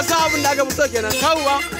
dan kawo abin da aka fito kenan ba?